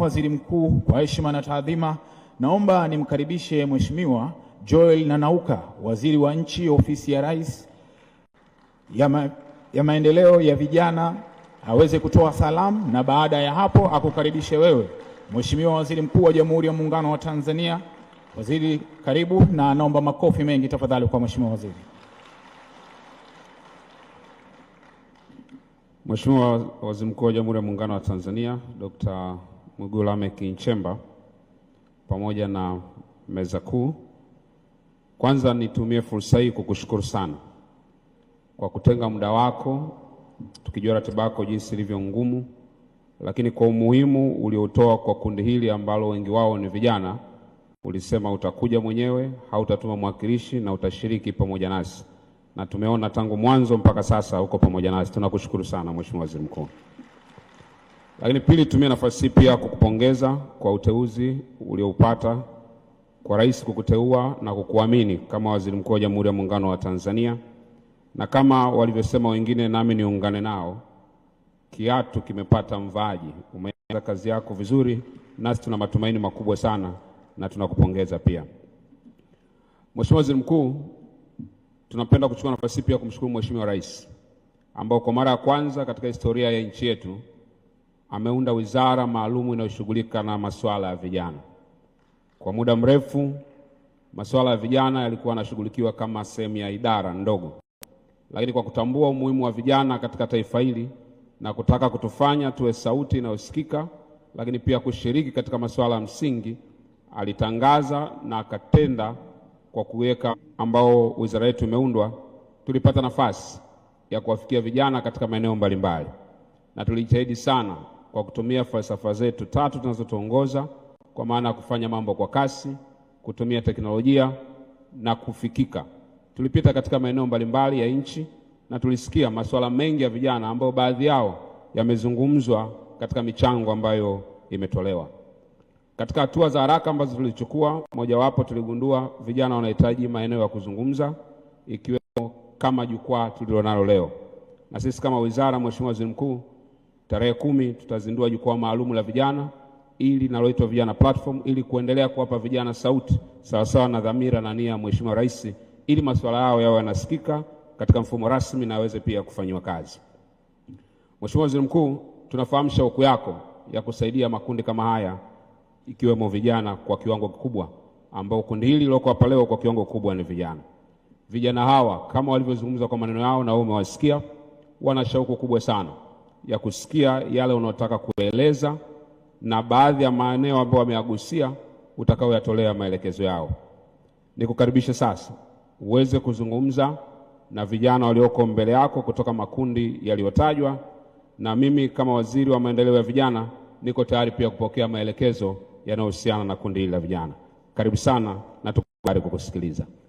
Waziri Mkuu, kwa heshima na taadhima, naomba nimkaribishe Mheshimiwa Joel Nanauka, Waziri wa Nchi, Ofisi ya Rais ya, ma ya Maendeleo ya Vijana, aweze kutoa salamu na baada ya hapo akukaribishe wewe Mheshimiwa Waziri Mkuu wa Jamhuri ya Muungano wa Tanzania. Waziri, karibu na naomba makofi mengi tafadhali kwa Mheshimiwa Waziri. Mheshimiwa Waziri Mkuu wa Jamhuri ya Muungano wa Tanzania, Dr. Mwigulu Lameck Nchemba pamoja na meza kuu. Kwanza nitumie fursa hii kukushukuru sana kwa kutenga muda wako, tukijua ratiba yako jinsi ilivyo ngumu, lakini kwa umuhimu uliotoa kwa kundi hili ambalo wengi wao ni vijana. Ulisema utakuja mwenyewe, hautatuma mwakilishi na utashiriki pamoja nasi, na tumeona tangu mwanzo mpaka sasa uko pamoja nasi. Tunakushukuru sana Mheshimiwa Waziri Mkuu. Lakini pili, tumia nafasi hii pia kukupongeza kwa uteuzi ulioupata kwa rais kukuteua na kukuamini kama waziri mkuu wa Jamhuri ya Muungano wa Tanzania, na kama walivyosema wengine, nami niungane nao, kiatu kimepata mvaaji. Umeenza kazi yako vizuri, nasi tuna matumaini makubwa sana na tunakupongeza pia. Mheshimiwa Waziri Mkuu, tunapenda kuchukua nafasi pia kumshukuru Mheshimiwa Rais ambao kwa mara ya kwanza katika historia ya nchi yetu ameunda wizara maalumu inayoshughulika na masuala ya vijana. Kwa muda mrefu masuala ya vijana yalikuwa yanashughulikiwa kama sehemu ya idara ndogo, lakini kwa kutambua umuhimu wa vijana katika taifa hili na kutaka kutufanya tuwe sauti inayosikika, lakini pia kushiriki katika masuala ya msingi, alitangaza na akatenda kwa kuweka ambao wizara yetu imeundwa. Tulipata nafasi ya kuwafikia vijana katika maeneo mbalimbali na tulijitahidi sana kwa kutumia falsafa zetu tatu zinazotuongoza kwa maana ya kufanya mambo kwa kasi, kutumia teknolojia na kufikika. Tulipita katika maeneo mbalimbali ya nchi na tulisikia masuala mengi ya vijana ambayo baadhi yao yamezungumzwa katika michango ambayo imetolewa. Katika hatua za haraka ambazo tulichukua, mojawapo tuligundua vijana wanahitaji maeneo ya kuzungumza, ikiwemo kama jukwaa tulilonalo leo, na sisi kama wizara, Mheshimiwa Waziri Mkuu, Tarehe kumi tutazindua jukwaa maalum la vijana ili linaloitwa Vijana Platform ili kuendelea kuwapa vijana sauti sawasawa na dhamira na nia ya Mheshimiwa Rais ili masuala yao yao yanasikika katika mfumo rasmi na aweze pia kufanyiwa kazi. Mheshimiwa Waziri Mkuu, tunafahamu shauku yako ya kusaidia makundi kama haya ikiwemo vijana kwa kiwango kikubwa, ambao kundi hili liloko hapa leo kwa kiwango kikubwa ni vijana. Vijana hawa kama walivyozungumza kwa maneno yao na wewe umewasikia, wana shauku kubwa sana ya kusikia yale unaotaka kueleza na baadhi ya maeneo ambayo wameagusia utakaoyatolea maelekezo yao. Nikukaribishe sasa uweze kuzungumza na vijana walioko mbele yako kutoka makundi yaliyotajwa, na mimi kama waziri wa maendeleo ya vijana niko tayari pia kupokea maelekezo yanayohusiana na kundi hili la vijana. Karibu sana na tukubali kukusikiliza.